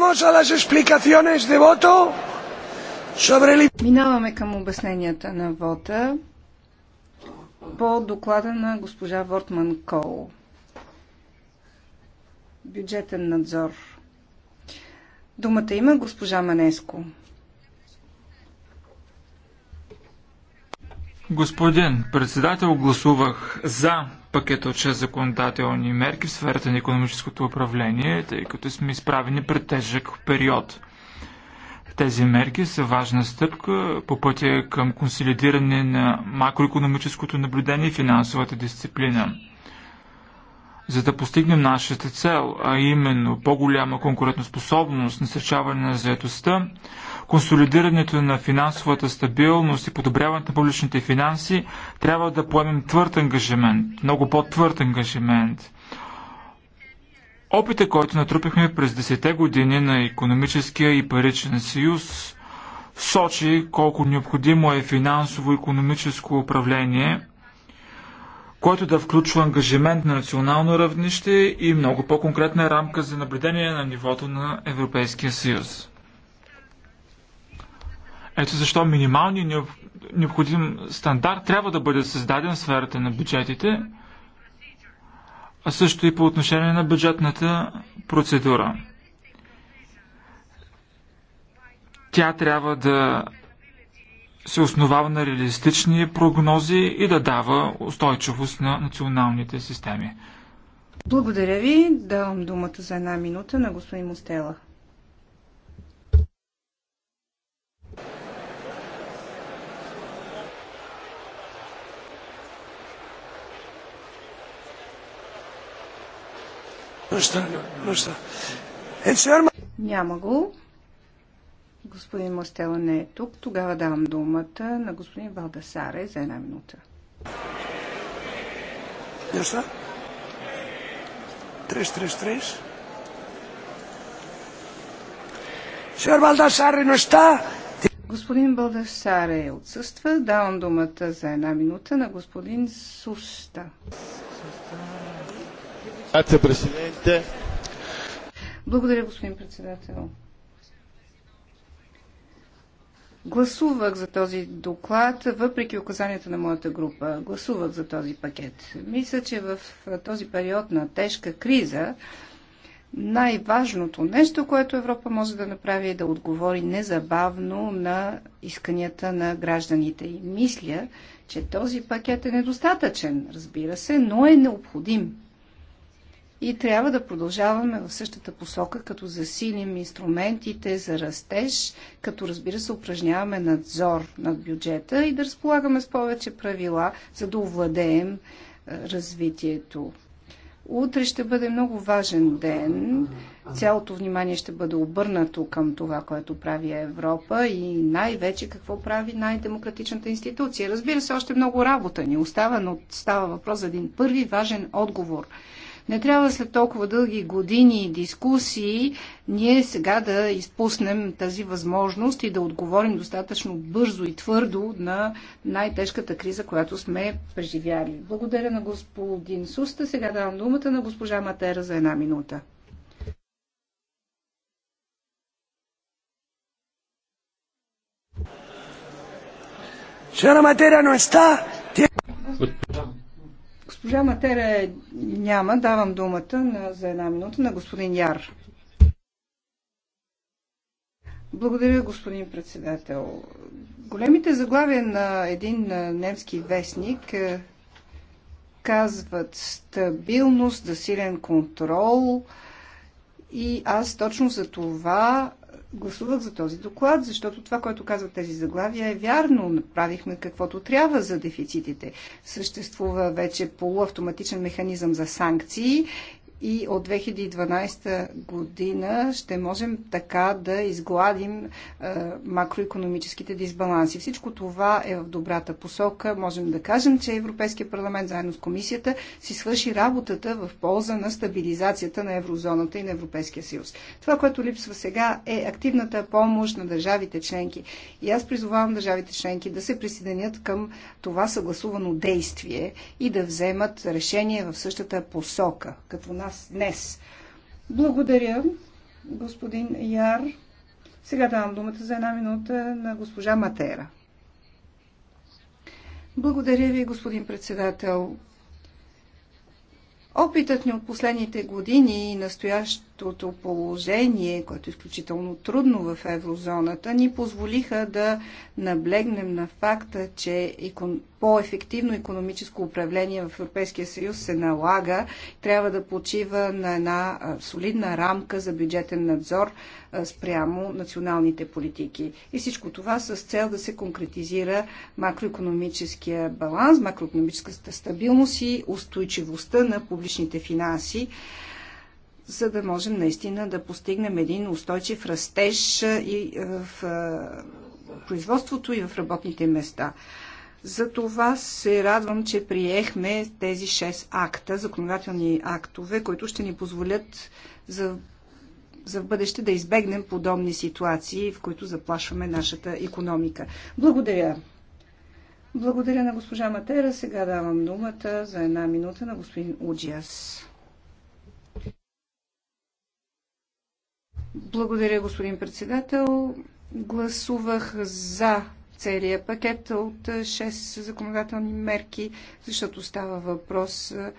a las explicaciones de voto sobre... Минаваме към обясненията на вота по доклада на госпожа Вортман Кол. Бюджетен надзор. Думата има госпожа Манеско. Господин председател, гласувах за пакета от 6 законодателни мерки в сферата на економическото управление, тъй като сме изправени пред тежък период. Тези мерки са важна стъпка по пътя към консолидиране на макроекономическото наблюдение и финансовата дисциплина. За да постигнем нашата цел, а именно по-голяма конкурентоспособност, насърчаване на заедостта, консолидирането на финансовата стабилност и подобряването на публичните финанси, трябва да поемем твърд ангажимент, много по-твърд ангажимент. Опита, който натрупихме през 10-те години на економическия и паричен съюз, сочи колко необходимо е финансово-економическо управление, което да включва ангажимент на национално равнище и много по-конкретна рамка за наблюдение на нивото на Европейския съюз. Ето защо минималният необходим стандарт трябва да бъде създаден в сферата на бюджетите, а също и по отношение на бюджетната процедура. Тя трябва да се основава на реалистични прогнози и да дава устойчивост на националните системи. Благодаря ви. Давам думата за една минута на господин Мостела. Е, Няма го. Господин Мастела не е тук. Тогава давам думата на господин Балдасаре за една минута. Неща? Треш, треш, треш. Балдасаре, Господин Балдасаре е отсъства. Давам думата за една минута на господин Суста. Суста. Благодаря, господин председател. Гласувах за този доклад, въпреки указанията на моята група. Гласувах за този пакет. Мисля, че в този период на тежка криза най-важното нещо, което Европа може да направи е да отговори незабавно на исканията на гражданите. И мисля, че този пакет е недостатъчен, разбира се, но е необходим. И трябва да продължаваме в същата посока, като засилим инструментите за растеж, като разбира се упражняваме надзор над бюджета и да разполагаме с повече правила, за да овладеем развитието. Утре ще бъде много важен ден. Цялото внимание ще бъде обърнато към това, което прави Европа и най-вече какво прави най-демократичната институция. Разбира се, още много работа ни остава, но става въпрос за един първи важен отговор – не трябва след толкова дълги години и дискусии ние сега да изпуснем тази възможност и да отговорим достатъчно бързо и твърдо на най-тежката криза, която сме преживяли. Благодаря на господин Суста. Сега давам думата на госпожа Матера за една минута. Señora Matera no está. Госпожа Матера е- няма. Давам думата на, за една минута на господин Яр. Благодаря, господин председател. Големите заглавия на един немски вестник казват стабилност, засилен контрол и аз точно за това гласувах за този доклад, защото това, което казват тези заглавия е вярно. Направихме каквото трябва за дефицитите. Съществува вече полуавтоматичен механизъм за санкции и от 2012 година ще можем така да изгладим е, макроекономическите дисбаланси. Всичко това е в добрата посока. Можем да кажем, че Европейския парламент заедно с комисията си свърши работата в полза на стабилизацията на еврозоната и на Европейския съюз. Това, което липсва сега е активната помощ на държавите членки. И аз призовавам държавите членки да се присъединят към това съгласувано действие и да вземат решение в същата посока, като нас нас днес. Благодаря, господин Яр. Сега давам думата за една минута на госпожа Матера. Благодаря ви, господин председател. Опитът ни от последните години и настоящото положение, което е изключително трудно в еврозоната, ни позволиха да наблегнем на факта, че по-ефективно економическо управление в Европейския съюз се налага. Трябва да почива на една солидна рамка за бюджетен надзор спрямо националните политики. И всичко това с цел да се конкретизира макроекономическия баланс, макроекономическата стабилност и устойчивостта на публичната публичните финанси, за да можем наистина да постигнем един устойчив растеж и е, в е, производството и в работните места. За това се радвам, че приехме тези 6 акта, законодателни актове, които ще ни позволят за, за в бъдеще да избегнем подобни ситуации, в които заплашваме нашата економика. Благодаря. Благодаря на госпожа Матера. Сега давам думата за една минута на господин Уджиас. Благодаря, господин председател. Гласувах за целия пакет от 6 законодателни мерки, защото става въпрос за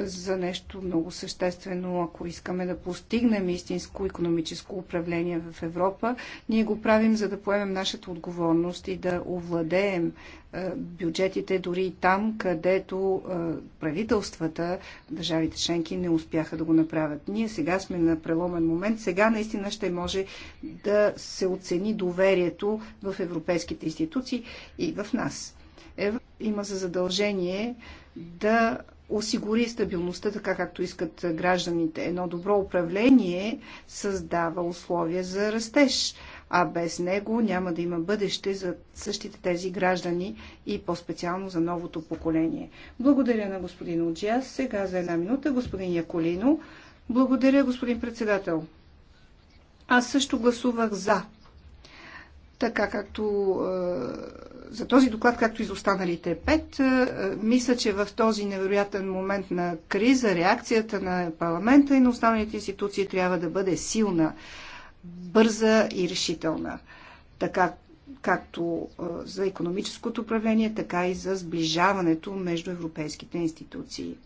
за нещо много съществено, ако искаме да постигнем истинско економическо управление в Европа. Ние го правим, за да поемем нашата отговорност и да овладеем е, бюджетите дори и там, където е, правителствата, държавите членки не успяха да го направят. Ние сега сме на преломен момент. Сега наистина ще може да се оцени доверието в европейските институции и в нас. Ева Има за задължение да осигури стабилността така както искат гражданите. Едно добро управление създава условия за растеж, а без него няма да има бъдеще за същите тези граждани и по-специално за новото поколение. Благодаря на господин Оджиас. Сега за една минута господин Яколино. Благодаря, господин председател. Аз също гласувах за, така както е, за този доклад, както и за останалите пет. Е, е, мисля, че в този невероятен момент на криза реакцията на парламента и на останалите институции трябва да бъде силна, бърза и решителна. Така както е, за економическото управление, така и за сближаването между европейските институции.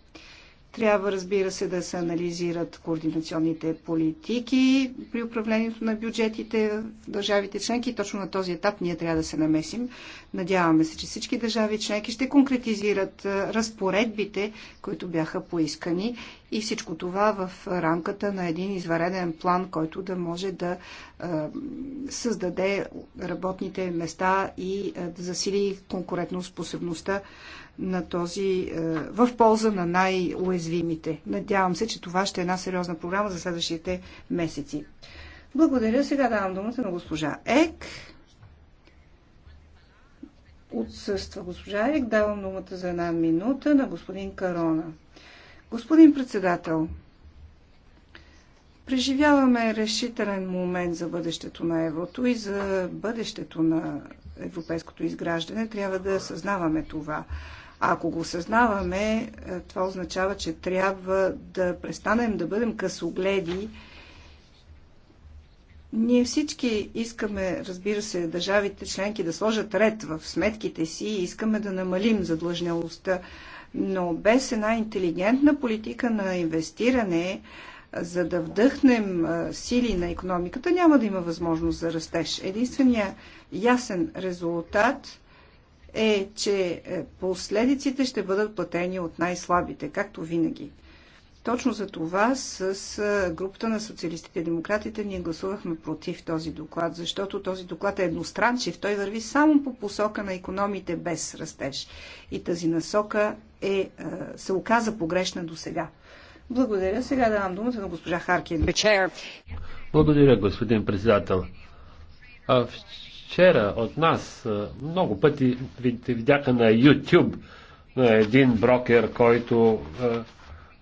Трябва, разбира се, да се анализират координационните политики при управлението на бюджетите в държавите членки. Точно на този етап ние трябва да се намесим. Надяваме се, че всички държави членки ще конкретизират разпоредбите, които бяха поискани и всичко това в рамката на един извареден план, който да може да създаде работните места и да засили способността на този, е, в полза на най-уязвимите. Надявам се, че това ще е една сериозна програма за следващите месеци. Благодаря. Сега давам думата на госпожа Ек. Отсъства госпожа Ек. Давам думата за една минута на господин Карона. Господин председател, преживяваме решителен момент за бъдещето на еврото и за бъдещето на европейското изграждане. Трябва да съзнаваме това ако го осъзнаваме, е, това означава, че трябва да престанем да бъдем късогледи. Ние всички искаме, разбира се, държавите членки да сложат ред в сметките си и искаме да намалим задлъжнялостта. Но без една интелигентна политика на инвестиране, за да вдъхнем сили на економиката, няма да има възможност за растеж. Единственият ясен резултат – е, че е, последиците ще бъдат платени от най-слабите, както винаги. Точно за това с е, групата на социалистите и демократите ние гласувахме против този доклад, защото този доклад е едностранчив. Той върви само по посока на економите без растеж. И тази насока е, е се оказа погрешна до сега. Благодаря. Сега давам думата на госпожа Харкин. Благодаря, господин председател вчера от нас много пъти видяха на YouTube на един брокер, който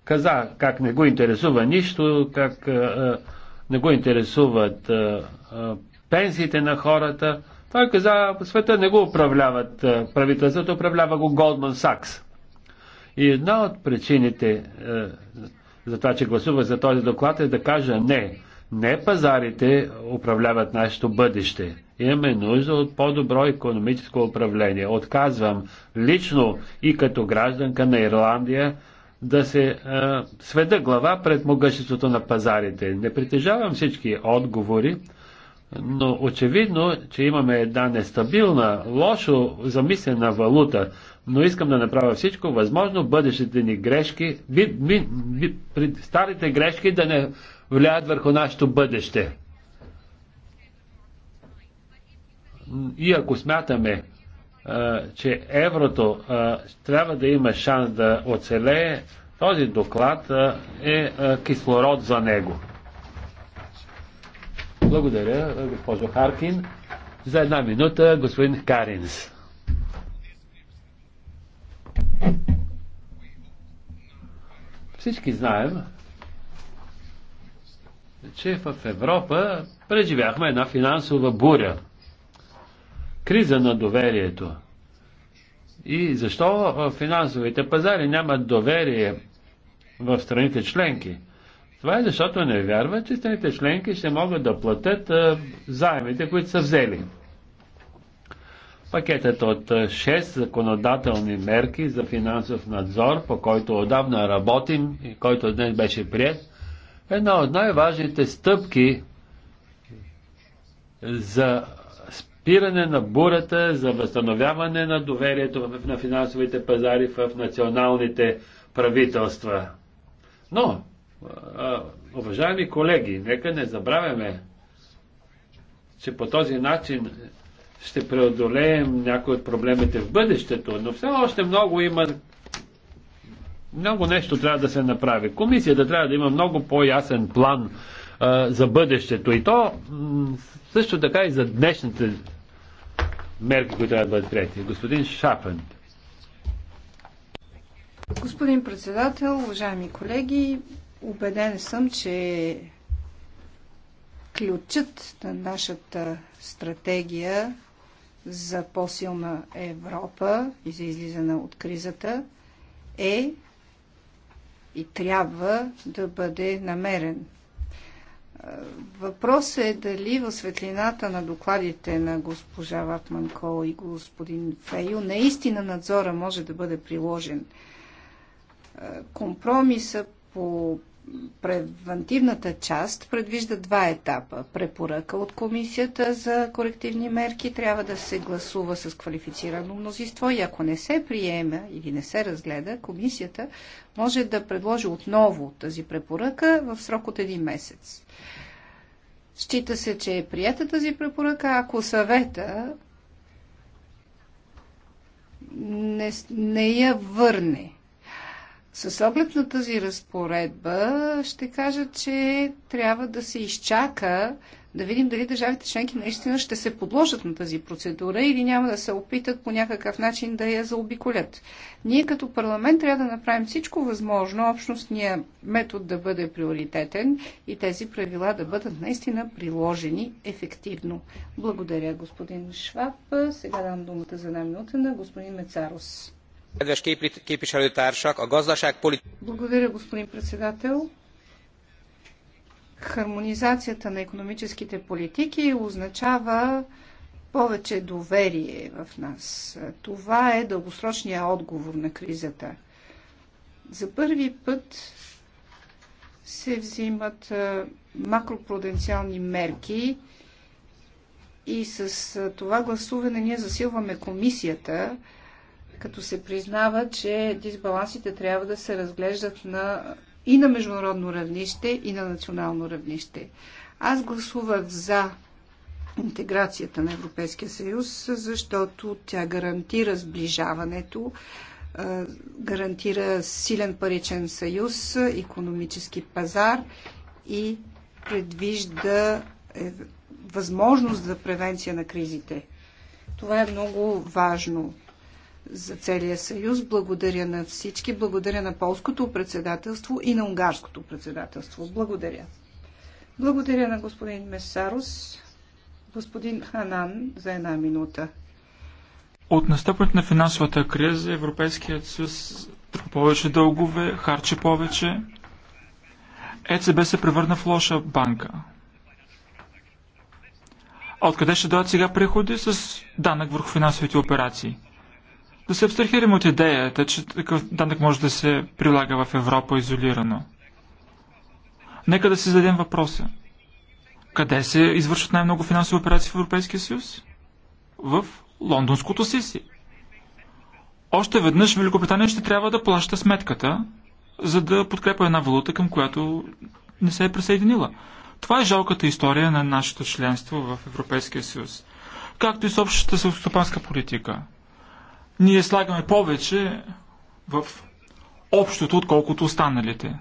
каза как не го интересува нищо, как не го интересуват пенсиите на хората. Той каза, света не го управляват правителството, управлява го Голдман Сакс. И една от причините за това, че гласува за този доклад е да кажа не не пазарите управляват нашето бъдеще. Имаме нужда от по-добро економическо управление. Отказвам лично и като гражданка на Ирландия да се е, сведа глава пред могъществото на пазарите. Не притежавам всички отговори, но очевидно, че имаме една нестабилна, лошо замислена валута, но искам да направя всичко възможно бъдещите ни грешки, ви, ви, би, старите грешки да не влияят върху нашето бъдеще. И ако смятаме, че еврото трябва да има шанс да оцелее, този доклад е кислород за него. Благодаря, госпожо Харкин. За една минута, господин Каринс. Всички знаем, че в Европа преживяхме една финансова буря. Криза на доверието. И защо в финансовите пазари нямат доверие в страните членки? Това е защото не вярват, че страните членки ще могат да платят заемите, които са взели. Пакетът от 6 законодателни мерки за финансов надзор, по който отдавна работим и който днес беше прият, Една от най-важните стъпки за спиране на бурата, за възстановяване на доверието на финансовите пазари в националните правителства. Но, уважаеми колеги, нека не забравяме, че по този начин ще преодолеем някои от проблемите в бъдещето, но все още много има много нещо трябва да се направи. Комисията трябва да има много по-ясен план а, за бъдещето и то също така и за днешните мерки, които трябва да бъдат прияти. Господин Шапен. Господин председател, уважаеми колеги, убеден съм, че ключът на нашата стратегия за по-силна Европа и за излизане от кризата е и трябва да бъде намерен. Въпросът е дали в светлината на докладите на госпожа Ватман Кол и господин Фейо наистина надзора може да бъде приложен. Компромиса по превентивната част предвижда два етапа. Препоръка от комисията за корективни мерки трябва да се гласува с квалифицирано мнозинство и ако не се приеме или не се разгледа, комисията може да предложи отново тази препоръка в срок от един месец. Счита се, че е прията тази препоръка, ако съвета не, не я върне с оглед на тази разпоредба ще кажа, че трябва да се изчака да видим дали държавите членки наистина ще се подложат на тази процедура или няма да се опитат по някакъв начин да я заобиколят. Ние като парламент трябва да направим всичко възможно, общностния метод да бъде приоритетен и тези правила да бъдат наистина приложени ефективно. Благодаря, господин Шваб. Сега дам думата за една минута на господин Мецарос. Благодаря, господин председател. Хармонизацията на економическите политики означава повече доверие в нас. Това е дългосрочният отговор на кризата. За първи път се взимат макропроденциални мерки и с това гласуване ние засилваме комисията, като се признава, че дисбалансите трябва да се разглеждат на, и на международно равнище, и на национално равнище. Аз гласувах за интеграцията на Европейския съюз, защото тя гарантира сближаването, е, гарантира силен паричен съюз, економически пазар и предвижда е, възможност за превенция на кризите. Това е много важно за целия съюз. Благодаря на всички. Благодаря на полското председателство и на унгарското председателство. Благодаря. Благодаря на господин Месарус. Господин Ханан за една минута. От настъпването на финансовата криза Европейският съюз трупа повече дългове, харчи повече. ЕЦБ се превърна в лоша банка. А откъде ще дойдат сега приходи с данък върху финансовите операции? Да се абстрахираме от идеята, че такъв данък може да се прилага в Европа изолирано. Нека да си зададем въпроса. Къде се извършват най-много финансови операции в Европейския съюз? В лондонското Сиси. Още веднъж Великобритания ще трябва да плаща сметката, за да подкрепа една валута, към която не се е присъединила. Това е жалката история на нашето членство в Европейския съюз, както и с общата селскостопанска политика – ние слагаме повече в общото, отколкото останалите.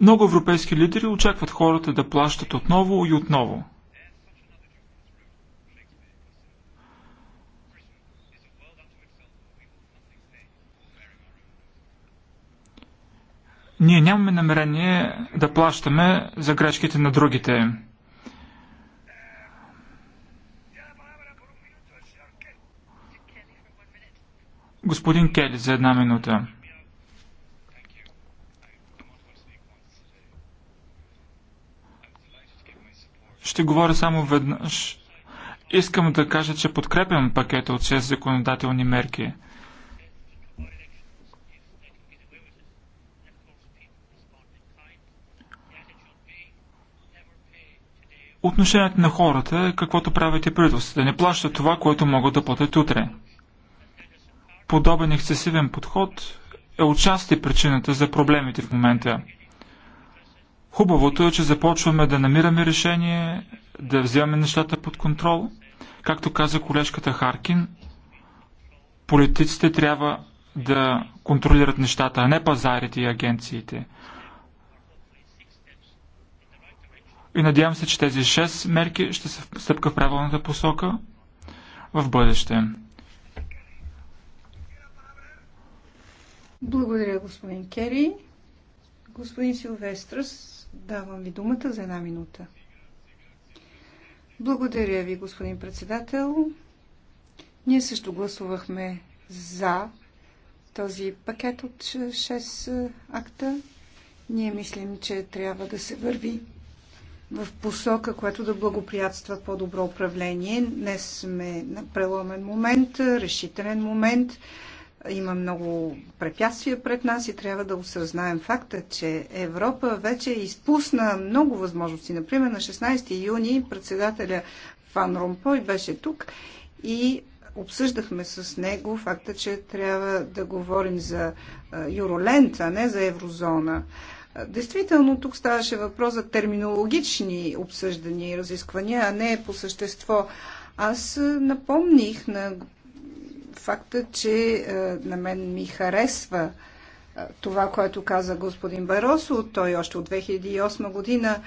Много европейски лидери очакват хората да плащат отново и отново. Ние нямаме намерение да плащаме за грешките на другите. Господин Кели за една минута. Ще говоря само веднъж. Искам да кажа, че подкрепям пакета от 6 законодателни мерки. отношението на хората е каквото правите правителството, да не плащат това, което могат да платят утре. Подобен ексцесивен подход е отчасти причината за проблемите в момента. Хубавото е, че започваме да намираме решение, да вземаме нещата под контрол. Както каза колежката Харкин, политиците трябва да контролират нещата, а не пазарите и агенциите. И надявам се, че тези 6 мерки ще са стъпка в правилната посока в бъдеще. Благодаря, господин Кери. Господин Силвестрас, давам ви думата за една минута. Благодаря ви, господин председател. Ние също гласувахме за този пакет от 6 акта. Ние мислим, че трябва да се върви в посока, която да благоприятства по-добро управление. Днес сме на преломен момент, решителен момент. Има много препятствия пред нас и трябва да осъзнаем факта, че Европа вече изпусна много възможности. Например, на 16 юни председателя Фан Ромпой беше тук и обсъждахме с него факта, че трябва да говорим за Юролент, а не за еврозона. Действително, тук ставаше въпрос за терминологични обсъждания и разисквания, а не по същество. Аз е, напомних на факта, че е, на мен ми харесва е, това, което каза господин Баросо, той още от 2008 година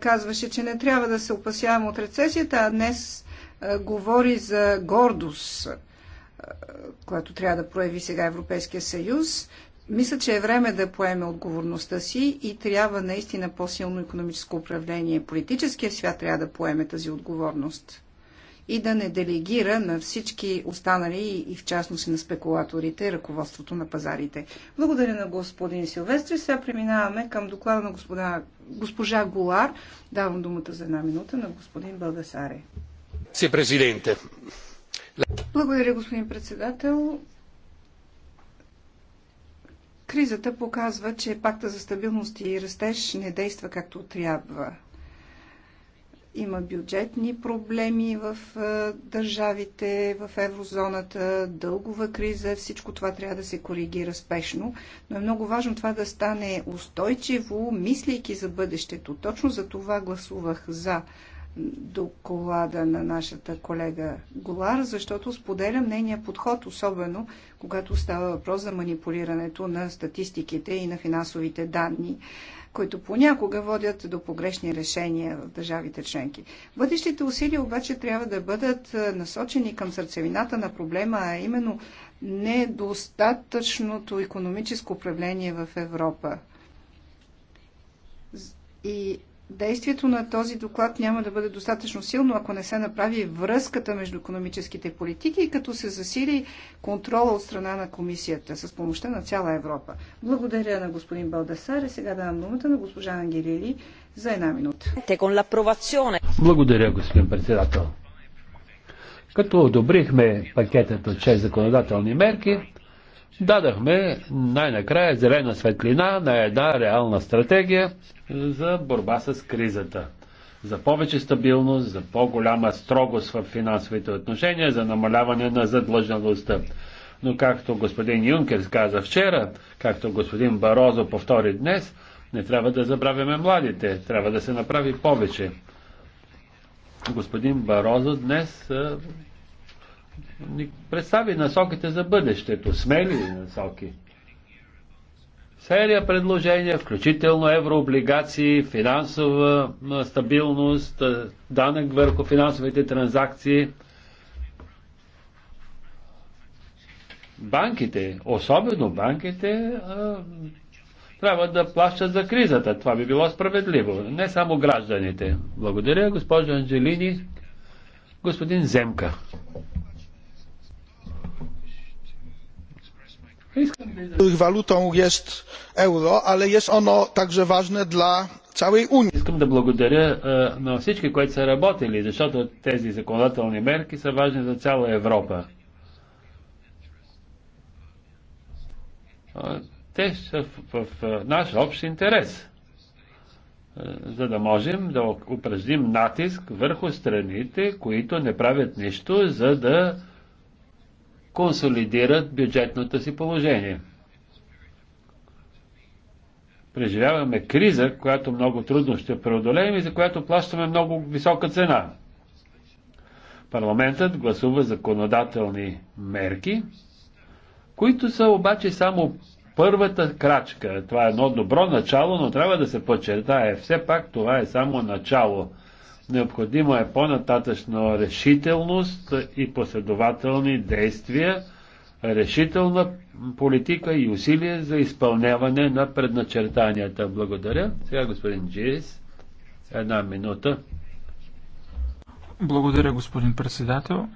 казваше, че не трябва да се опасявам от рецесията, а днес говори за гордост, която трябва да прояви сега Европейския съюз. Мисля, че е време да поеме отговорността си и трябва наистина по-силно економическо управление. Политическия свят трябва да поеме тази отговорност и да не делегира на всички останали и в частност и на спекулаторите ръководството на пазарите. Благодаря на господин Силвестри. Сега преминаваме към доклада на господа, госпожа Голар. Давам думата за една минута на господин Балдасаре. Благодаря, господин председател. Кризата показва, че пакта за стабилност и растеж не действа както трябва. Има бюджетни проблеми в държавите, в еврозоната, дългова криза. Всичко това трябва да се коригира спешно. Но е много важно това да стане устойчиво, мислейки за бъдещето. Точно за това гласувах за доклада на нашата колега Голар, защото споделям нейния подход, особено когато става въпрос за манипулирането на статистиките и на финансовите данни, които понякога водят до погрешни решения в държавите членки. Бъдещите усилия обаче трябва да бъдат е, насочени към сърцевината на проблема, а именно недостатъчното економическо управление в Европа. И Действието на този доклад няма да бъде достатъчно силно, ако не се направи връзката между економическите политики и като се засили контрола от страна на комисията с помощта на цяла Европа. Благодаря на господин Балдасар и сега давам думата на госпожа Ангелили за една минута. Благодаря, господин председател. Като одобрихме пакетът от 6 законодателни мерки, дадахме най-накрая зелена светлина на една реална стратегия за борба с кризата. За повече стабилност, за по-голяма строгост в финансовите отношения, за намаляване на задлъжналостта. Но както господин Юнкерс каза вчера, както господин Барозо повтори днес, не трябва да забравяме младите, трябва да се направи повече. Господин Барозо днес ни представи насоките за бъдещето, смели насоки. Серия предложения, включително еврооблигации, финансова стабилност, е, данък върху финансовите транзакции. Банките, особено банките, е, трябва да плащат за кризата. Това би било справедливо. Не само гражданите. Благодаря, госпожо Анджелини. Господин Земка. których walutą jest euro, ale jest ono także ważne dla цялой Унии. Искам да благодаря е, на всички, които са работили, защото тези законодателни мерки са важни за цяла Европа. Е, те са в, е, наш общ интерес, за да можем да упражним натиск върху страните, които не правят нищо, за да консолидират бюджетното си положение. Преживяваме криза, която много трудно ще преодолеем и за която плащаме много висока цена. Парламентът гласува законодателни мерки, които са обаче само първата крачка. Това е едно добро начало, но трябва да се подчертае. Все пак това е само начало. Необходимо е по-нататъчно решителност и последователни действия, решителна политика и усилия за изпълняване на предначертанията. Благодаря. Сега господин Джирис, една минута. Благодаря, господин председател.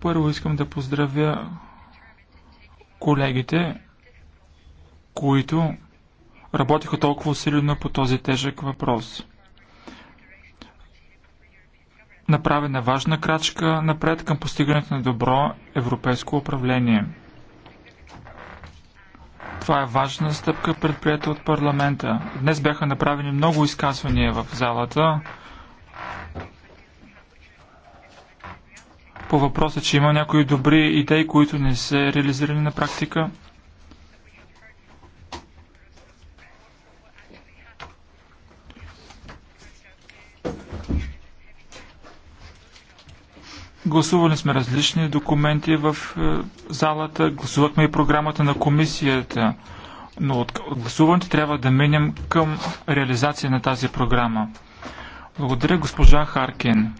Първо искам да поздравя колегите, които работиха толкова усилено по този тежък въпрос направена важна крачка напред към постигането на добро европейско управление. Това е важна стъпка, предприета от парламента. Днес бяха направени много изказвания в залата по въпроса, че има някои добри идеи, които не са реализирани на практика. Гласували сме различни документи в е, залата, гласувахме и програмата на комисията, но от гласуването трябва да минем към реализация на тази програма. Благодаря госпожа Харкин.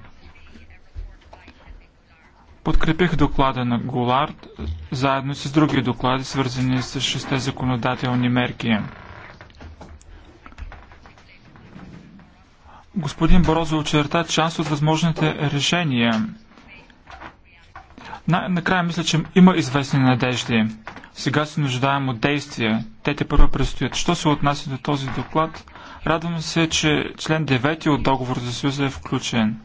Подкрепих доклада на Голард, заедно с други доклади, свързани с шесте законодателни мерки. Господин Борозо очерта част от възможните решения – накрая мисля, че има известни надежди. Сега се нуждаем от действия. Те те първо предстоят. Що се отнася до този доклад? Радвам се, че член 9 от договор за Съюза е включен.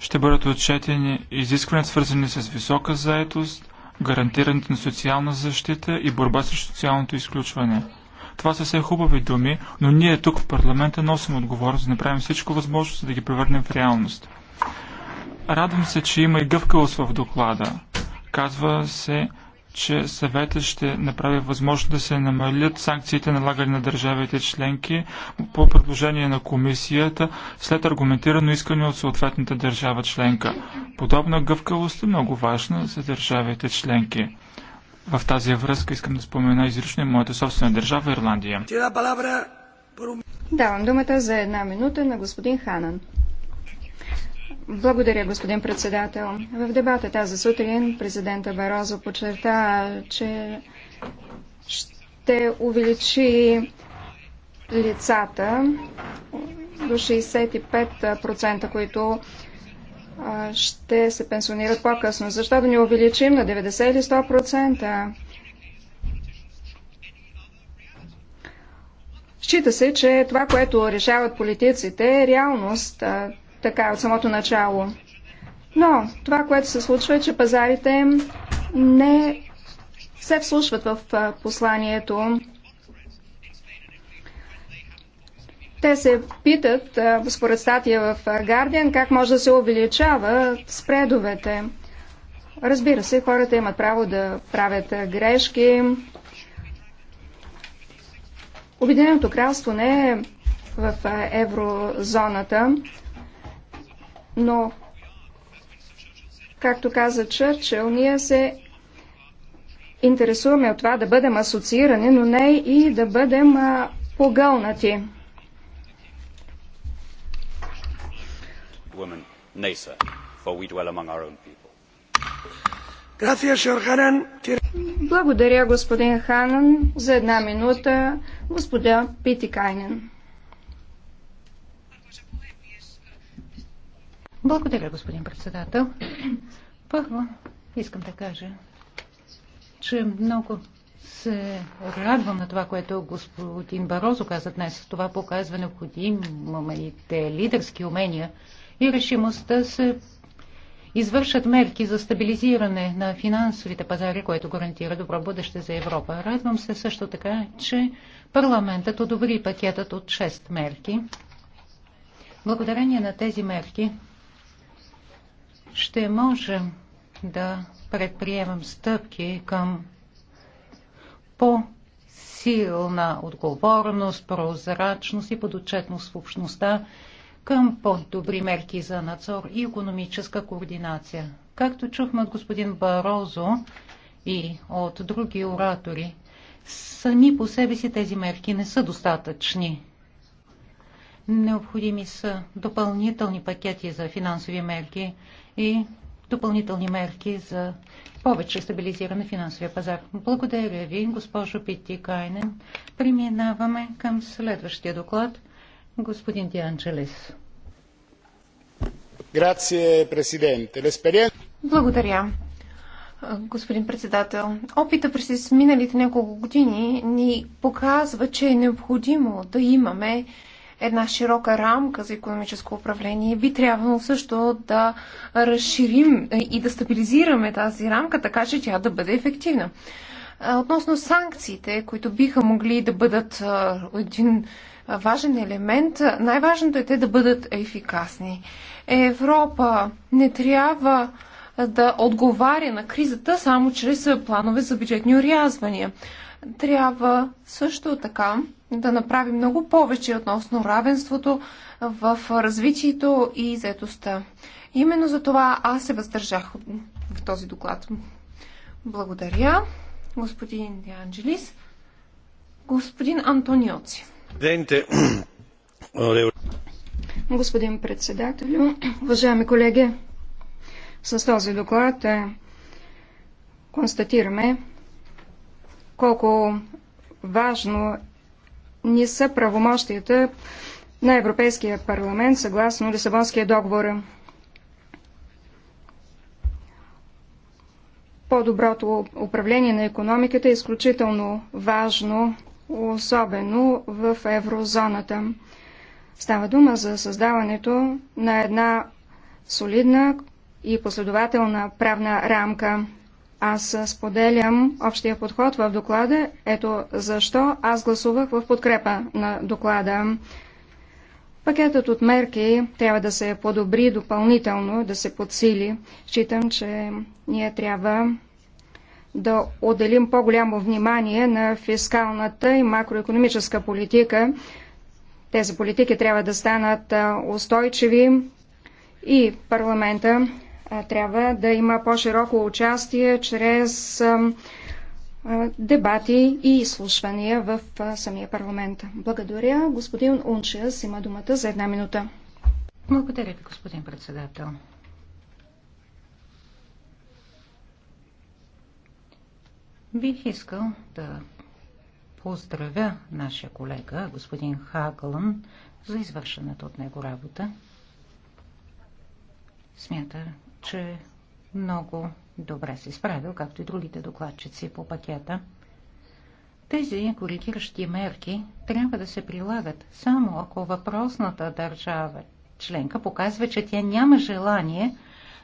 Ще бъдат отчетени изисквания, свързани с висока заетост, гарантирането на социална защита и борба с социалното изключване. Това са все хубави думи, но ние тук в парламента носим отговорност да направим всичко възможно, за да ги превърнем в реалност. Радвам се, че има и гъвкавост в доклада. Казва се, че съветът ще направи възможно да се намалят санкциите налагани на държавите членки по предложение на комисията след аргументирано искане от съответната държава членка. Подобна гъвкавост е много важна за държавите членки. В тази връзка искам да спомена изрично и моята собствена държава Ирландия. Давам думата за една минута на господин Ханан. Благодаря, господин председател. В дебата тази сутрин президента Барозо подчерта, че ще увеличи лицата до 65%, които ще се пенсионират по-късно. Защо да не увеличим на 90 или 100%? Счита се, че това, което решават политиците е реалност така от самото начало. Но това, което се случва е, че пазарите не се вслушват в посланието. Те се питат, според статия в Гардиан, как може да се увеличава спредовете. Разбира се, хората имат право да правят грешки. Обединеното кралство не е в еврозоната но, както каза Чърчил, ние се интересуваме от това да бъдем асоциирани, но не и да бъдем а, погълнати. for we dwell among our own Благодаря, господин Ханан. За една минута, господа Питикайнен. Благодаря, господин председател. Първо, искам да кажа, че много се радвам на това, което господин Барозо каза днес. Това показва необходимите лидерски умения и решимостта да се извършат мерки за стабилизиране на финансовите пазари, което гарантира добро бъдеще за Европа. Радвам се също така, че парламентът одобри пакетът от 6 мерки. Благодарение на тези мерки ще можем да предприемам стъпки към по-силна отговорност, прозрачност и подотчетност в общността, към по-добри мерки за надзор и економическа координация. Както чухме от господин Барозо и от други оратори, сами по себе си тези мерки не са достатъчни. Необходими са допълнителни пакети за финансови мерки, и допълнителни мерки за повече стабилизиране финансовия пазар. Благодаря ви, госпожо Пити Кайнен. Преминаваме към следващия доклад. Господин Дианджелес. Грация, президент. Благодаря. Господин председател, опита през изминалите няколко години ни показва, че е необходимо да имаме една широка рамка за економическо управление, би трябвало също да разширим е, и да стабилизираме тази рамка, така че тя да бъде ефективна. Относно санкциите, които биха могли да бъдат един важен елемент, най-важното е те да бъдат ефикасни. Европа не трябва да отговаря на кризата само чрез планове за бюджетни урязвания трябва също така да направи много повече относно равенството в развитието и заедостта. Именно за това аз се въздържах в този доклад. Благодаря, господин Дианджелис. Господин Антониоци. Господин председател, уважаеми колеги, с този доклад е, констатираме, колко важно ни са правомощията на Европейския парламент съгласно Лисабонския договор. По-доброто управление на економиката е изключително важно, особено в еврозоната. Става дума за създаването на една солидна и последователна правна рамка. Аз споделям общия подход в доклада. Ето защо аз гласувах в подкрепа на доклада. Пакетът от мерки трябва да се подобри допълнително, да се подсили. Считам, че ние трябва да отделим по-голямо внимание на фискалната и макроекономическа политика. Тези политики трябва да станат устойчиви и парламента трябва да има по-широко участие чрез дебати и изслушвания в самия парламент. Благодаря. Господин Унчес има думата за една минута. Благодаря ви, господин председател. Бих искал да поздравя нашия колега, господин Хаглън, за извършената от него работа. Смята, че много добре се справил, както и другите докладчици по пакета. Тези коригиращи мерки трябва да се прилагат само ако въпросната държава членка показва, че тя няма желание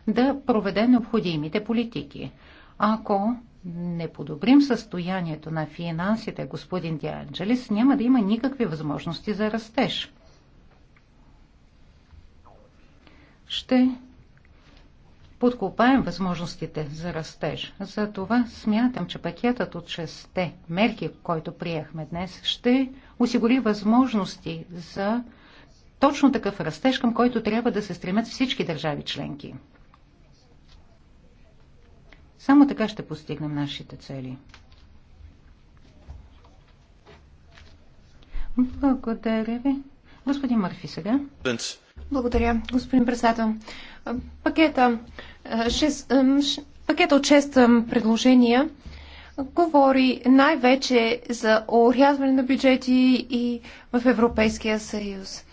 да проведе необходимите политики. Ако не подобрим състоянието на финансите, господин Дианджелис, няма да има никакви възможности за растеж. Ще подкопаем възможностите за растеж. Затова смятам, че пакетът от шесте мерки, който приехме днес, ще осигури възможности за точно такъв растеж, към който трябва да се стремят всички държави членки. Само така ще постигнем нашите цели. Благодаря ви. Господин Мърфи сега. Благодаря, господин председател. Пакета, е, е, пакета от 6 е, предложения говори най-вече за урязване на бюджети и в Европейския съюз.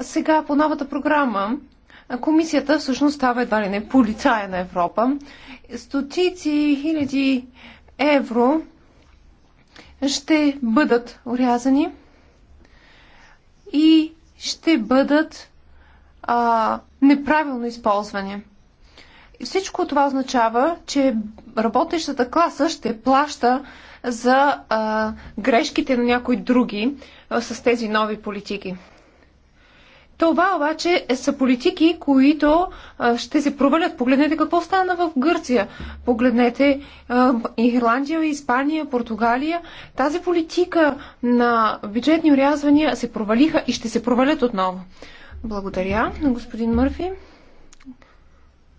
Сега по новата програма комисията всъщност става едва ли не полицая на Европа. Стотици хиляди евро ще бъдат урязани и ще бъдат а, неправилно използване. И всичко това означава, че работещата класа ще плаща за а, грешките на някои други а, с тези нови политики. Това обаче е, са политики, които а, ще се провалят. Погледнете какво стана в Гърция. Погледнете а, Ирландия, Испания, Португалия. Тази политика на бюджетни урязвания се провалиха и ще се провалят отново. Благодаря на господин Мърфи.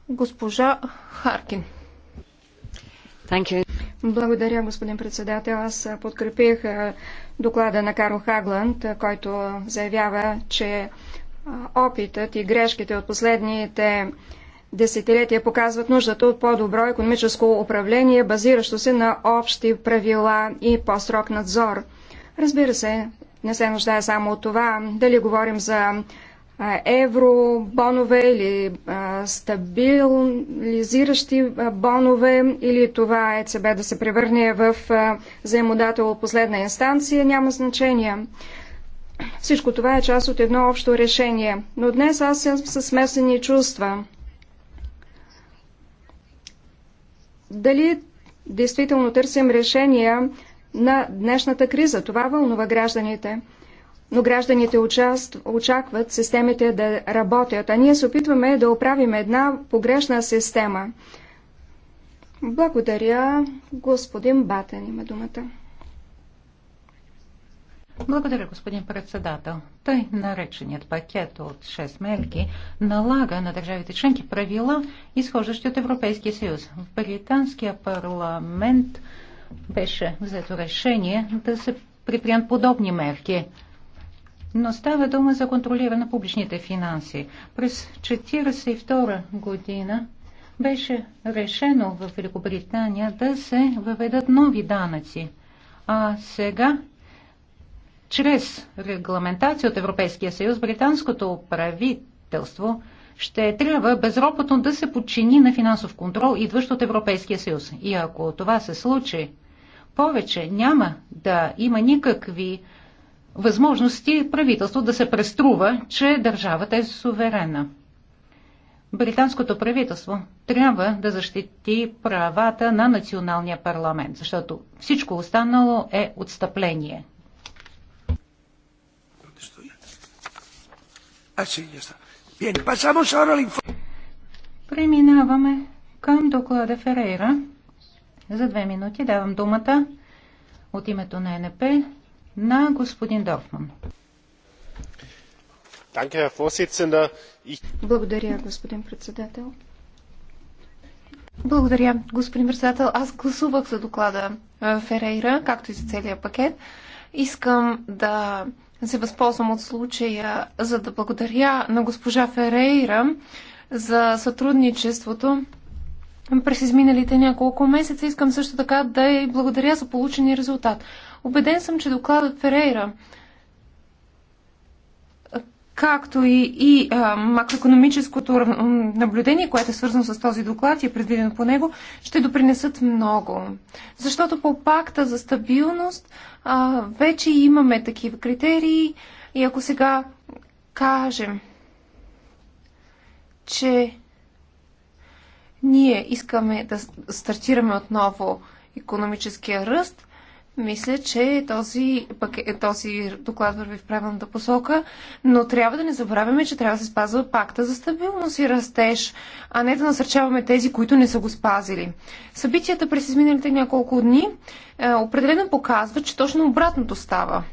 Госпожа Харкин. Благодаря, господин председател. Аз подкрепих доклада на Карл Хагланд, който заявява, че опитът и грешките от последните десетилетия показват нуждата от по-добро економическо управление, базиращо се на общи правила и по-строг надзор. Разбира се, не се нуждае само от това, дали говорим за евробонове или стабилизиращи бонове или това ЕЦБ да се превърне в взаимодател от последна инстанция, няма значение. Всичко това е част от едно общо решение. Но днес аз съм със смесени чувства. Дали действително търсим решения на днешната криза? Това вълнува гражданите но гражданите очакват системите да работят, а ние се опитваме да оправим една погрешна система. Благодаря. Господин Батен има думата. Благодаря, господин председател. Тъй нареченият пакет от 6 мерки налага на държавите членки правила, изхождащи от Европейския съюз. В британския парламент беше взето решение да се приприемат подобни мерки но става дума за контролира на публичните финанси. През 1942 година беше решено в Великобритания да се въведат нови данъци. А сега, чрез регламентация от Европейския съюз, британското правителство ще трябва безропотно да се подчини на финансов контрол, идващ от Европейския съюз. И ако това се случи, повече няма да има никакви възможности правителство да се преструва, че държавата е суверена. Британското правителство трябва да защити правата на националния парламент, защото всичко останало е отстъпление. Преминаваме към доклада Ферейра. За две минути давам думата от името на НП на господин Дофман. Благодаря, господин председател. Благодаря, господин председател. Аз гласувах за доклада е, Ферейра, както и за целия пакет. Искам да се възползвам от случая, за да благодаря на госпожа Ферейра за сътрудничеството през изминалите няколко месеца. Искам също така да й благодаря за получения резултат. Обеден съм, че докладът Ферейра, както и, и а, макроекономическото наблюдение, което е свързано с този доклад и е предвидено по него, ще допринесат много. Защото по пакта за стабилност а, вече имаме такива критерии и ако сега кажем, че ние искаме да стартираме отново економическия ръст, мисля, че този, пакет, този доклад върви в правилната посока, но трябва да не забравяме, че трябва да се спазва пакта за стабилност и растеж, а не да насърчаваме тези, които не са го спазили. Събитията през изминалите няколко дни е, определено показват, че точно обратното става.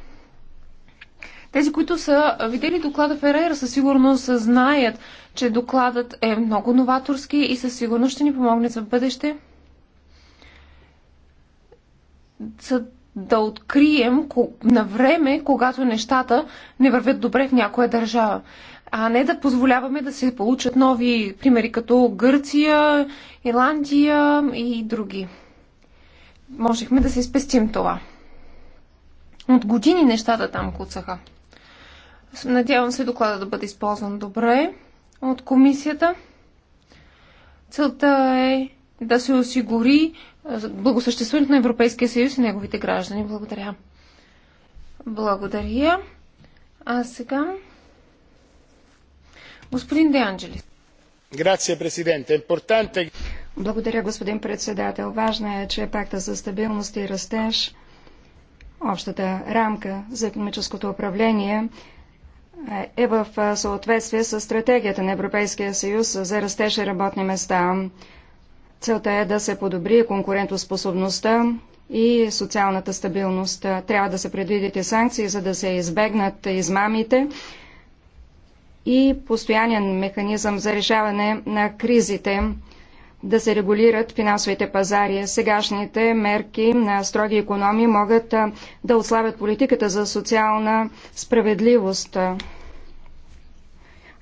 Тези, които са видели доклада Ферейра, със сигурност знаят, че докладът е много новаторски и със сигурност ще ни помогне за бъдеще за да открием на време, когато нещата не вървят добре в някоя държава. А не да позволяваме да се получат нови примери, като Гърция, Ирландия и други. Можехме да се спестим това. От години нещата там куцаха. Надявам се доклада да бъде използван добре от комисията. Целта е да се осигури благосъществуването на Европейския съюз и неговите граждани. Благодаря. Благодаря. А сега господин Де Анджелис. Грация, президент. Импортанте... Благодаря, господин председател. Важно е, че пакта за стабилност и растеж, общата рамка за економическото управление е в съответствие с стратегията на Европейския съюз за растеж и работни места. Целта е да се подобри конкурентоспособността и социалната стабилност. Трябва да се предвидите санкции, за да се избегнат измамите и постоянен механизъм за решаване на кризите, да се регулират финансовите пазари. Сегашните мерки на строги економии могат да отслабят политиката за социална справедливост.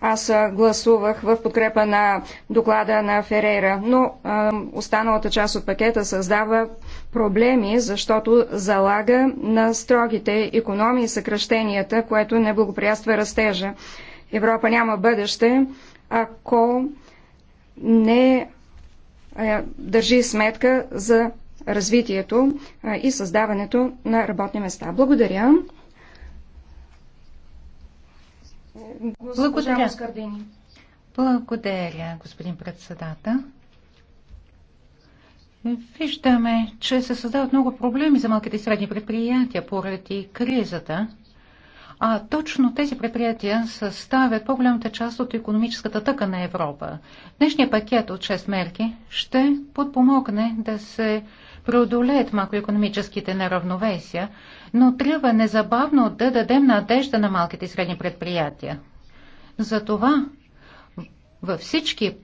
Аз гласувах в подкрепа на доклада на Ферейра, но а, останалата част от пакета създава проблеми, защото залага на строгите економии и съкръщенията, което не благоприятства растежа. Европа няма бъдеще, ако не а, държи сметка за развитието а, и създаването на работни места. Благодаря. Благодаря. Благодаря, господин председател. Виждаме, че се създават много проблеми за малките и средни предприятия поради кризата. А точно тези предприятия съставят по-голямата част от економическата тъка на Европа. Днешният пакет от 6 мерки ще подпомогне да се преодолеят макроекономическите неравновесия, но трябва незабавно да дадем надежда на малките и средни предприятия. Затова във всички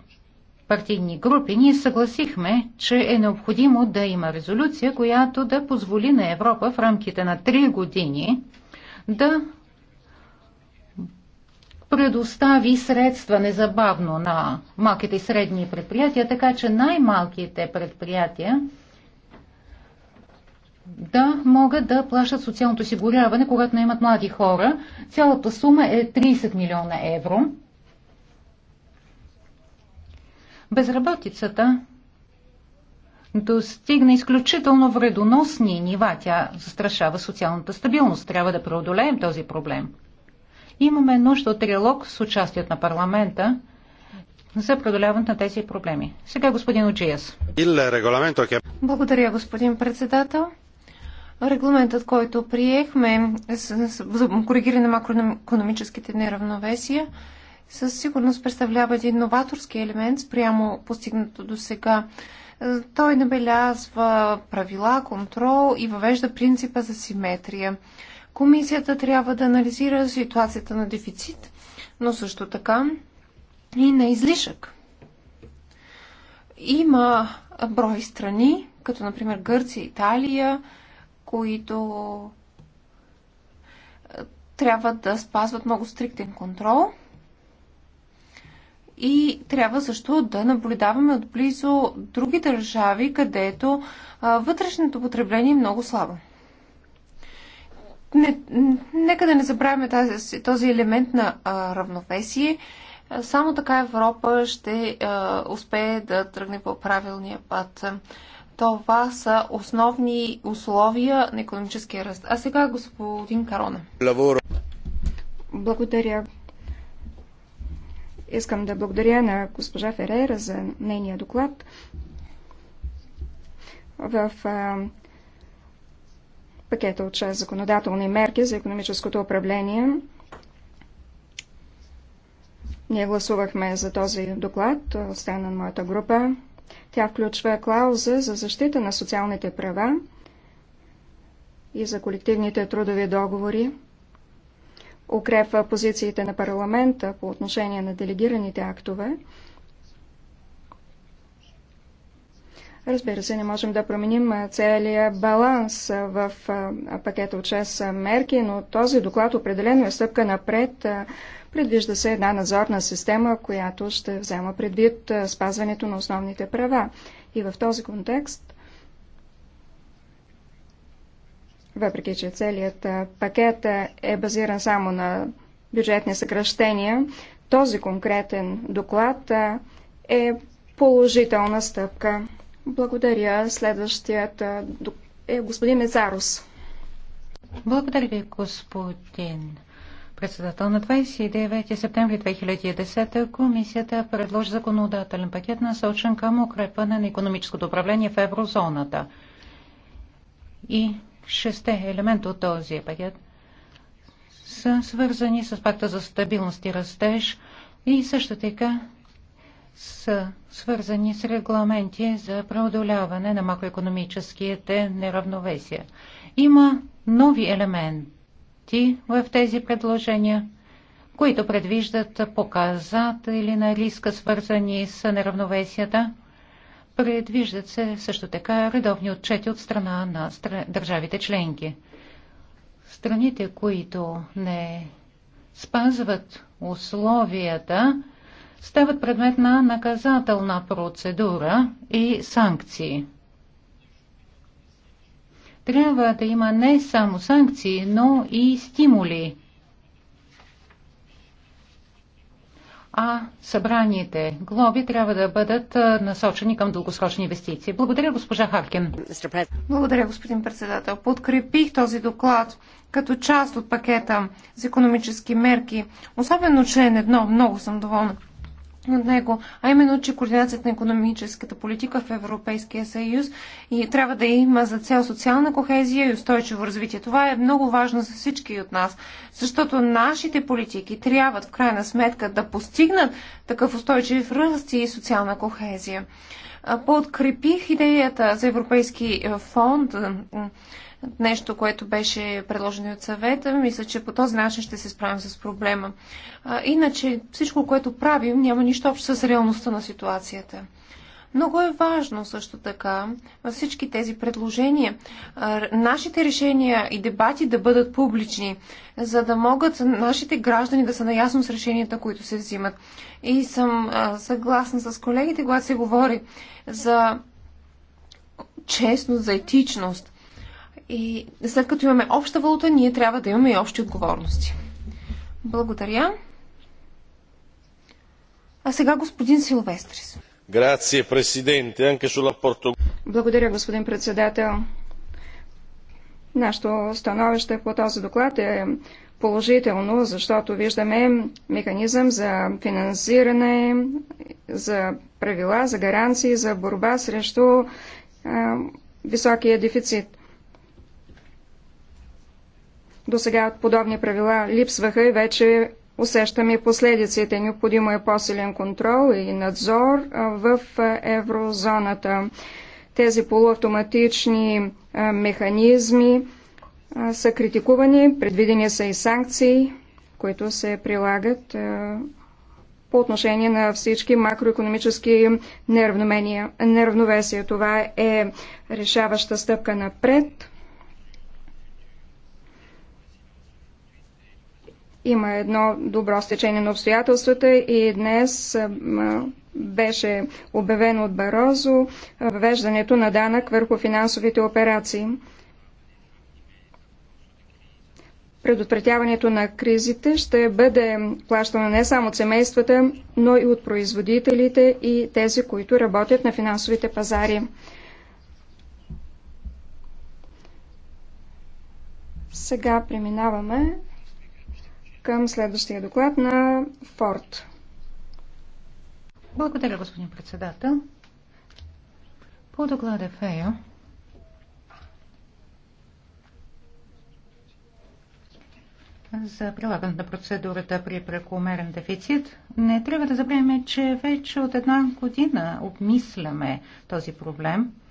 партийни групи ние съгласихме, че е необходимо да има резолюция, която да позволи на Европа в рамките на 3 години да предостави средства незабавно на малките и средни предприятия, така че най-малките предприятия да могат да плащат социалното осигуряване, когато не имат млади хора. Цялата сума е 30 милиона евро. Безработицата достигна изключително вредоносни нива. Тя застрашава социалната стабилност. Трябва да преодолеем този проблем. Имаме нужда от триалог с участието на парламента за преодоляването на тези проблеми. Сега господин Оджиас. Благодаря, господин председател. Регламентът, който приехме за коригиране на макроекономическите неравновесия, със сигурност представлява един новаторски елемент спрямо постигнато до сега. Той набелязва правила, контрол и въвежда принципа за симетрия. Комисията трябва да анализира ситуацията на дефицит, но също така и на излишък. Има брой страни, като например Гърция, Италия, които е, трябва да спазват много стриктен контрол и трябва също да наблюдаваме отблизо други държави, където е, вътрешното потребление е много слабо. Не, нека да не забравяме тази, този елемент на а, равновесие. Само така Европа ще а, успее да тръгне по правилния път. Това са основни условия на економическия ръст. А сега господин Карона. Благодаря. Искам да благодаря на госпожа Ферера за нейния доклад. В а, пакета от 6 законодателни мерки за економическото управление ние гласувахме за този доклад остана на моята група. Тя включва клауза за защита на социалните права и за колективните трудови договори, укрепва позициите на парламента по отношение на делегираните актове. Разбира се, не можем да променим целият баланс в пакета от 6 мерки, но този доклад определено е стъпка напред Предвижда се една надзорна система, която ще взема предвид спазването на основните права. И в този контекст, въпреки че целият пакет е базиран само на бюджетни съкръщения, този конкретен доклад е положителна стъпка. Благодаря. Следващият е господин Мецарус. Благодаря ви, господин председател. На 29 септември 2010 комисията предложи законодателен пакет насочен към укрепване на економическото управление в еврозоната. И шесте елемента от този пакет са свързани с пакта за стабилност и растеж и също така са свързани с регламенти за преодоляване на макроекономическите неравновесия. Има нови елементи части в тези предложения, които предвиждат показатели на риска, свързани с неравновесията. Предвиждат се също така редовни отчети от страна на държавите членки. Страните, които не спазват условията, стават предмет на наказателна процедура и санкции трябва да има не само санкции, но и стимули. а събраните глоби трябва да бъдат насочени към дългосрочни инвестиции. Благодаря, госпожа Харкин. Благодаря, господин председател. Подкрепих този доклад като част от пакета за економически мерки, особено член едно. Много съм доволна от него, а именно, че координацията на економическата политика в Европейския съюз и трябва да има за цел социална кохезия и устойчиво развитие. Това е много важно за всички от нас, защото нашите политики трябва в крайна сметка да постигнат такъв устойчив ръст и социална кохезия. Подкрепих идеята за Европейски фонд нещо, което беше предложено от съвета. Мисля, че по този начин ще се справим с проблема. А, иначе всичко, което правим, няма нищо общо с реалността на ситуацията. Много е важно също така във всички тези предложения нашите решения и дебати да бъдат публични, за да могат нашите граждани да са наясно с решенията, които се взимат. И съм съгласна с колегите, когато се говори за честност, за етичност. И след като имаме обща валута, ние трябва да имаме и общи отговорности. Благодаря. А сега господин Силвестрис. Грация, президенте, анке Благодаря, господин председател. Нашето становище по този доклад е положително, защото виждаме механизъм за финансиране, за правила, за гаранции, за борба срещу а, високия дефицит. До сега подобни правила липсваха и вече усещаме последиците. Необходимо е по-силен контрол и надзор в еврозоната. Тези полуавтоматични механизми са критикувани, предвидени са и санкции, които се прилагат по отношение на всички макроекономически неравновесия. Това е решаваща стъпка напред – Има едно добро стечение на обстоятелствата и днес беше обявено от Барозо въвеждането на данък върху финансовите операции. Предотвратяването на кризите ще бъде плащано не само от семействата, но и от производителите и тези, които работят на финансовите пазари. Сега преминаваме към следващия доклад на Форд. Благодаря, господин председател. По доклада ФЕЯ за прилагането на процедурата при прекомерен дефицит, не трябва да забравяме, че вече от една година обмисляме този проблем –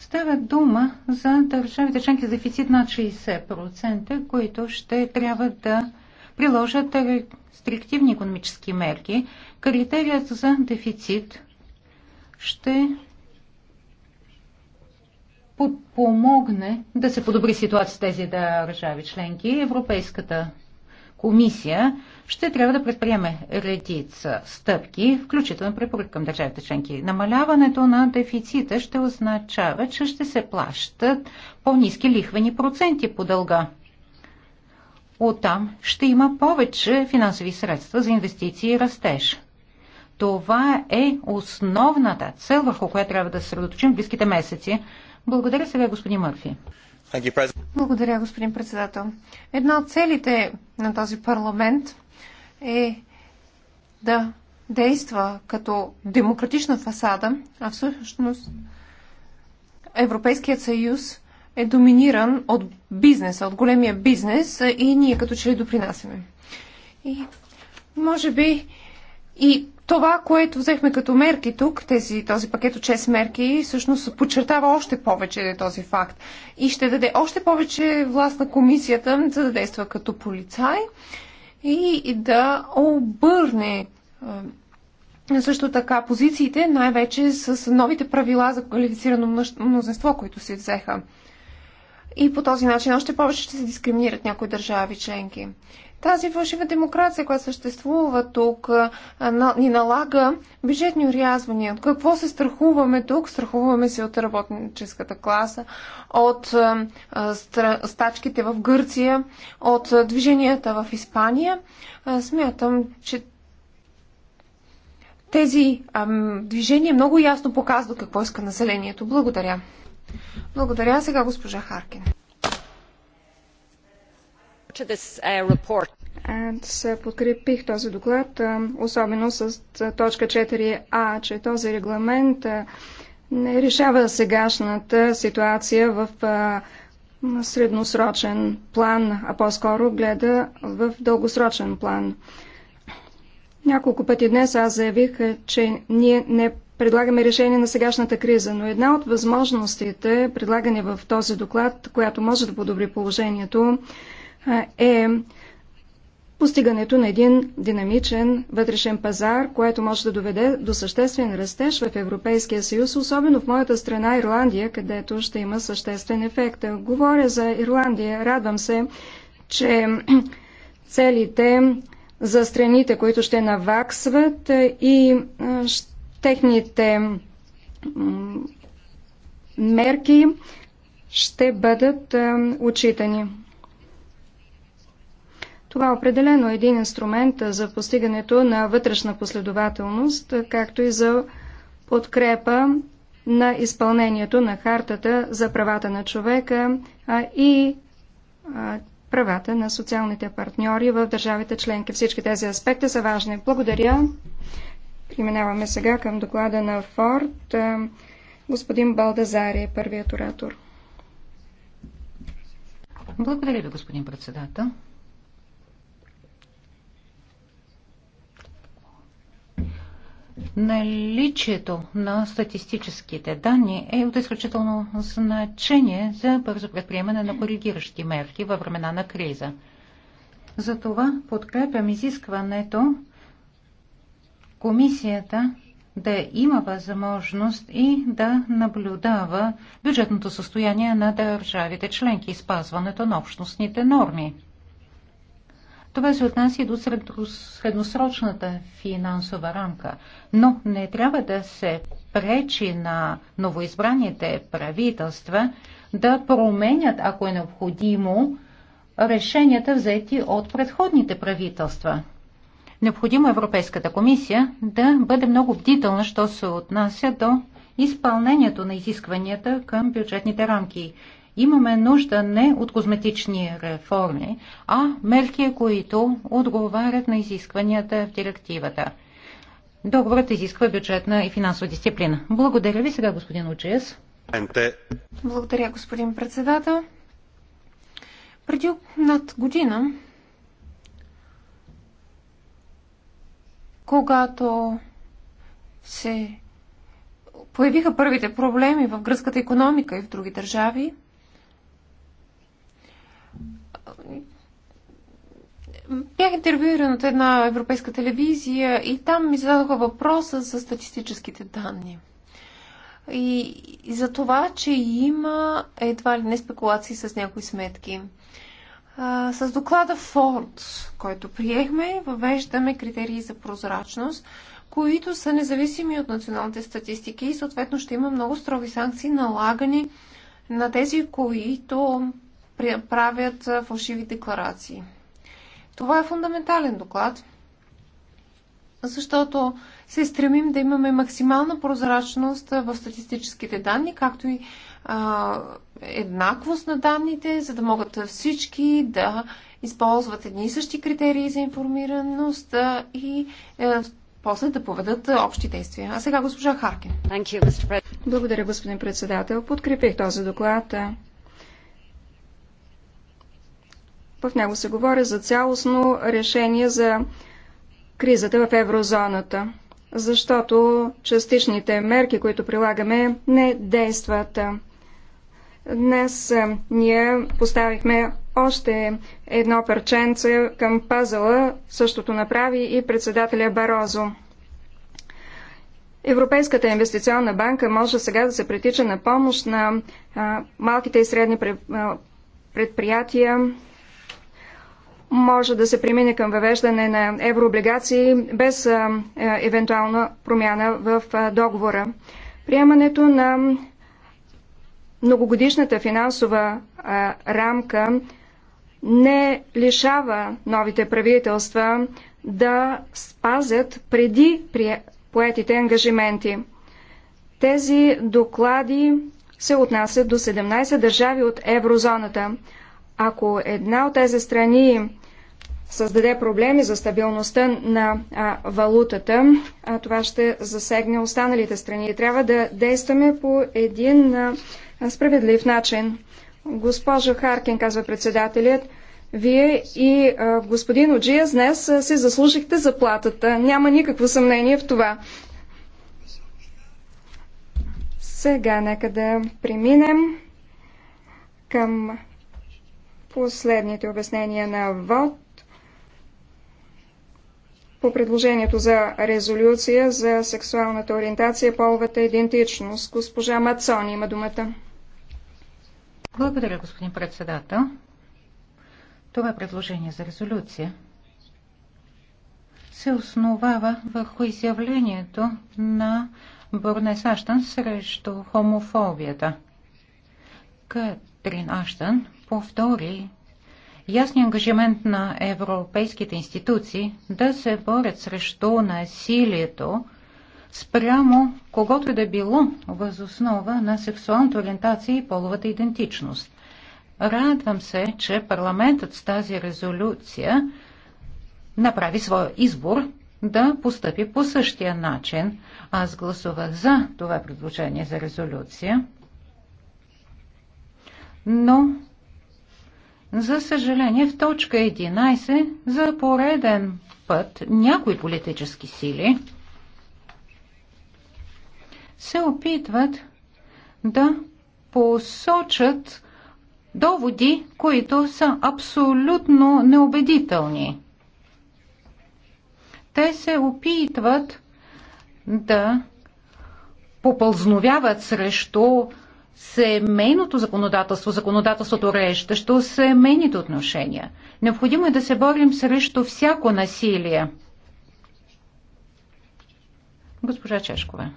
Става дума за държавите членки с дефицит над 60%, които ще трябва да приложат рестриктивни економически мерки. Критерият за дефицит ще помогне да се подобри ситуация с тези държави членки. Европейската комисия ще трябва да предприеме редица стъпки, включително препорък към държавите членки. Намаляването на дефицита ще означава, че ще се плащат по-низки лихвени проценти по дълга. Оттам ще има повече финансови средства за инвестиции и растеж. Това е основната цел, върху която трябва да се средоточим в близките месеци. Благодаря сега, господин Мърфи. Благодаря, господин председател. Една от целите на този парламент е да действа като демократична фасада, а всъщност Европейският съюз е доминиран от бизнеса, от големия бизнес и ние като че ли допринасяме. И може би и това, което взехме като мерки тук, тези, този пакет от 6 мерки, всъщност подчертава още повече този факт. И ще даде още повече власт на комисията, за да действа като полицай и да обърне е, също така позициите, най-вече с новите правила за квалифицирано мнозинство, които се взеха. И по този начин още повече ще се дискриминират някои държави членки. Тази фалшива демокрация, която съществува тук, ни налага бюджетни урязвания. От какво се страхуваме тук? Страхуваме се от работническата класа, от стачките в Гърция, от движенията в Испания. Смятам, че тези движения много ясно показват какво иска населението. Благодаря. Благодаря сега госпожа Харкин to this uh, report. Аз uh, подкрепих този доклад, особено с точка 4а, че този регламент не решава сегашната ситуация в средносрочен план, а по-скоро гледа в дългосрочен план. Няколко пъти днес аз заявих, че ние не предлагаме решение на сегашната криза, но една от възможностите, предлагани в този доклад, която може да подобри положението, е постигането на един динамичен вътрешен пазар, което може да доведе до съществен растеж в Европейския съюз, особено в моята страна Ирландия, където ще има съществен ефект. Говоря за Ирландия. Радвам се, че целите за страните, които ще наваксват и техните мерки ще бъдат отчитани. Това е определено един инструмент за постигането на вътрешна последователност, както и за подкрепа на изпълнението на хартата за правата на човека и правата на социалните партньори в държавите членки. Всички тези аспекти са важни. Благодаря. Преминаваме сега към доклада на Форд. Господин Балдазари е първият оратор. Благодаря ви, господин председател. Наличието на статистическите данни е от изключително значение за бързо предприемане на коригиращи мерки във времена на криза. Затова подкрепям изискването комисията да има възможност и да наблюдава бюджетното състояние на държавите членки и спазването на общностните норми. Това се отнася и до средносрочната финансова рамка, но не трябва да се пречи на новоизбраните правителства да променят, ако е необходимо, решенията взети от предходните правителства. Необходимо е Европейската комисия да бъде много бдителна, що се отнася до изпълнението на изискванията към бюджетните рамки. Имаме нужда не от козметични реформи, а мерки, които отговарят на изискванията в директивата. Договорът изисква бюджетна и финансова дисциплина. Благодаря ви сега, господин Учес. Благодаря, господин председател. Преди над година, когато се появиха първите проблеми в гръцката економика и в други държави, бях интервюиран от една европейска телевизия и там ми зададоха въпроса за статистическите данни. И, и за това, че има едва ли не спекулации с някои сметки. А, с доклада Форд, който приехме, въвеждаме критерии за прозрачност, които са независими от националните статистики и съответно ще има много строги санкции налагани на тези, които правят фалшиви декларации. Това е фундаментален доклад, защото се стремим да имаме максимална прозрачност в статистическите данни, както и а, еднаквост на данните, за да могат всички да използват едни и същи критерии за информираност а, и а, е, после да поведат общи действия. А сега госпожа Харкин. You, Благодаря, господин председател. Подкрепих този доклад. В него се говори за цялостно решение за кризата в еврозоната, защото частичните мерки, които прилагаме, не действат. Днес е, ние поставихме още едно парченце към пазала, същото направи и председателя Барозо. Европейската инвестиционна банка може сега да се притича на помощ на а, малките и средни предприятия, може да се премине към въвеждане на еврооблигации без е, евентуална промяна в договора. Приемането на многогодишната финансова рамка не лишава новите правителства да спазят преди поетите ангажименти. Тези доклади се отнасят до 17 държави от еврозоната. Ако една от тези страни създаде проблеми за стабилността на а, валутата, а, това ще засегне останалите страни. Трябва да действаме по един а, справедлив начин. Госпожо Харкин, казва председателят, вие и а, господин Оджия днес се заслужихте заплатата. Няма никакво съмнение в това. Сега нека да преминем към последните обяснения на ВОД по предложението за резолюция за сексуалната ориентация, половата идентичност. Госпожа Мацони има думата. Благодаря, господин председател. Това е предложение за резолюция се основава върху изявлението на Борнес Аштън срещу хомофобията. Катрин Аштън повтори ясния ангажимент на европейските институции да се борят срещу насилието спрямо когото е да било възоснова на сексуалната ориентация и половата идентичност. Радвам се, че парламентът с тази резолюция направи своя избор да постъпи по същия начин. Аз гласувах за това предложение за резолюция, но за съжаление, в точка 11 за пореден път някои политически сили се опитват да посочат доводи, които са абсолютно неубедителни. Те се опитват да попълзновяват срещу семейното законодателство, законодателството рещащо семейните отношения. Необходимо е да се борим срещу всяко насилие. Госпожа Чешкова.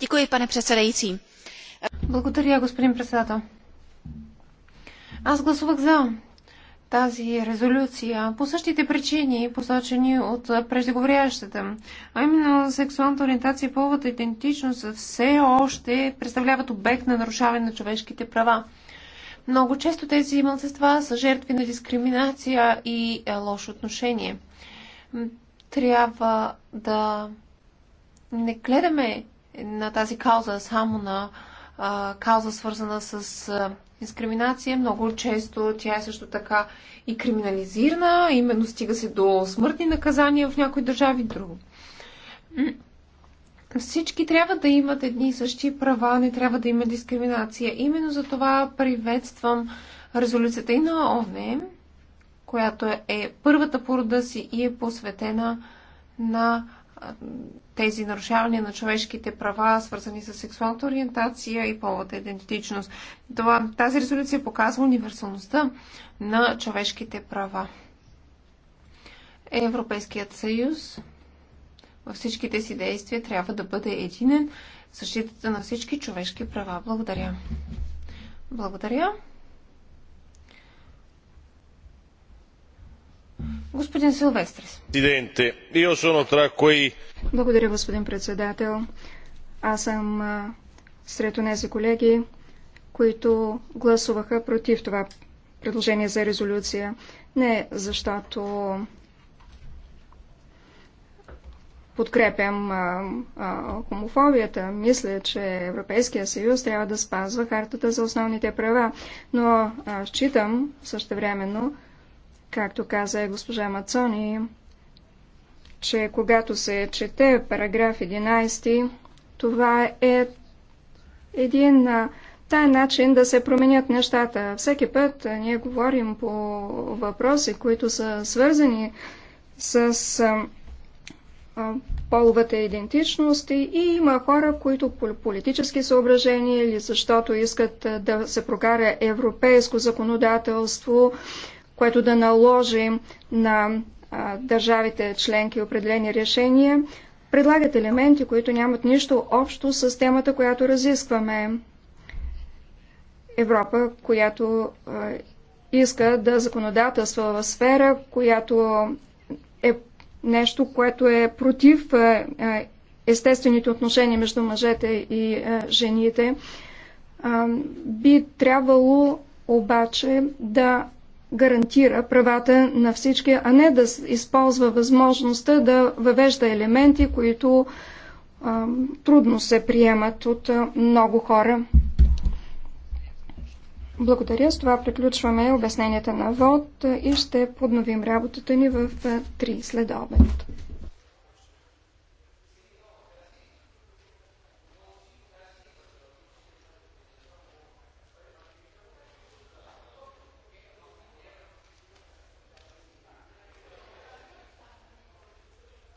Дякую, пане председající. Благодаря, господин председател. Аз гласувах за тази резолюция по същите причини, посочени от преждеговорящата. А именно сексуалната ориентация и половата идентичност все още представляват обект на нарушаване на човешките права. Много често тези мълцества са жертви на дискриминация и е, лошо отношение. Трябва да не гледаме на тази кауза само на а, кауза свързана с а, дискриминация. Много често тя е също така и криминализирана, именно стига се до смъртни наказания в някои държави, друго. Всички трябва да имат едни и същи права, не трябва да има дискриминация. Именно за това приветствам резолюцията и на ОНЕ, която е, е първата по рода си и е посветена на тези нарушавания на човешките права, свързани с сексуалната ориентация и половата идентичност. Това, тази резолюция показва универсалността на човешките права. Европейският съюз във всичките си действия трябва да бъде единен в защитата на всички човешки права. Благодаря. Благодаря. Господин Силвестрис. Благодаря, господин председател. Аз съм сред тези колеги, които гласуваха против това предложение за резолюция. Не защото подкрепям хомофобията. Мисля, че Европейския съюз трябва да спазва хартата за основните права, но считам също времено. Както каза госпожа Мацони, че когато се чете параграф 11, това е един тай начин да се променят нещата. Всеки път ние говорим по въпроси, които са свързани с половата идентичност и има хора, които по политически съображения или защото искат да се прокара европейско законодателство, което да наложи на държавите членки определени решения, предлагат елементи, които нямат нищо общо с темата, която разискваме. Европа, която иска да законодателства в сфера, която е нещо, което е против естествените отношения между мъжете и жените, би трябвало обаче да гарантира правата на всички, а не да използва възможността да въвежда елементи, които а, трудно се приемат от а, много хора. Благодаря. С това приключваме обясненията на ВОД и ще подновим работата ни в 3 следобед. обед.